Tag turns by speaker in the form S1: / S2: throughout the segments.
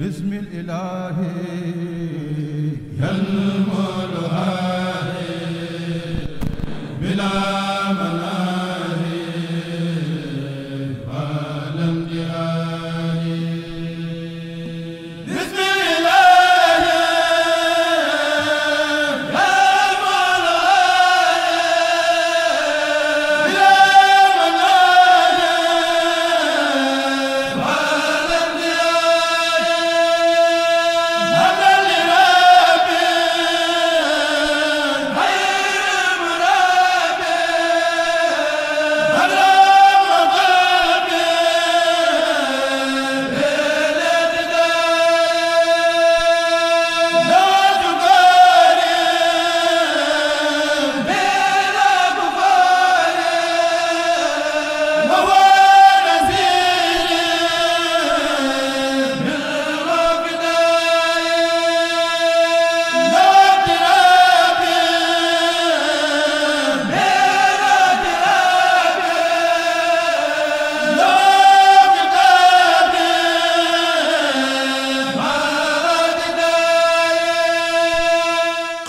S1: بسم الإله يا المرهب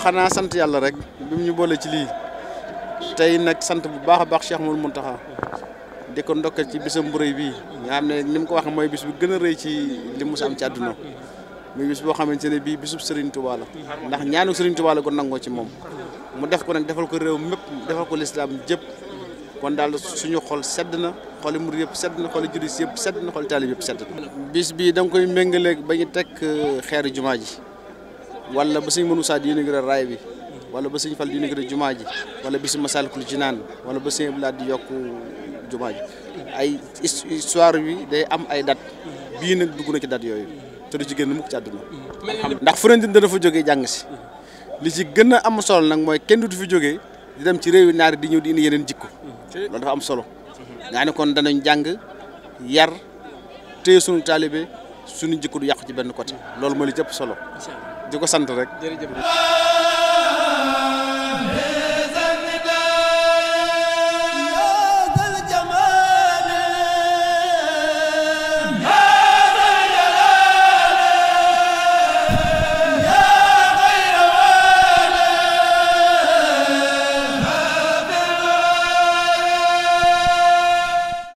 S2: xanaa sant yàlla rek bi mu ñu boole ci lii tey nag sant bu baax a baax Cheikh Moul taxa di ko ndokkal ci bisam bu rëy bii nga xam ne ni mu ko waxee mooy bis bu gën a rëy ci li mu am ci àdduna muy boo xamante ne bii bisub Serigne Touba la ndax ñaanu Serigne Touba la nangoo ci moom mu def ko nag defal ko réew mépp defal ko lislaam jëpp kon daal suñu xol sedd na xooli mur yëpp sedd na xooli juris yëpp sedd na xooli taalib yëpp sedd na bis bii danga nga koy méngaleeg ba ñu teg euh, xeer jumaa ji wala ba sëñ Manoune Moussa di inauguré raay bi wala ba sëñ Fall di inauguré jumaa ji wala bisu Masaalikul Jinaan wala ba sëñ Abdoulaye di yokk jumaa ji ay histoire bi day am ay dat bii nag dugg na ci dat yooyu te du ci génn mukk ci àdduna ndax fu ne dina fa jógee jàng si li ci gën a am solo nag mooy kenn du fi jógee di dem ci réew yi naar di ñëw di indi yeneen jikko loolu dafa am solo nga ne kon danañ jàng yar téye sunu taalibe sunu jikko du yàqu ci benn côté loolu mooy li solo di ko sant rek. jërëjëf.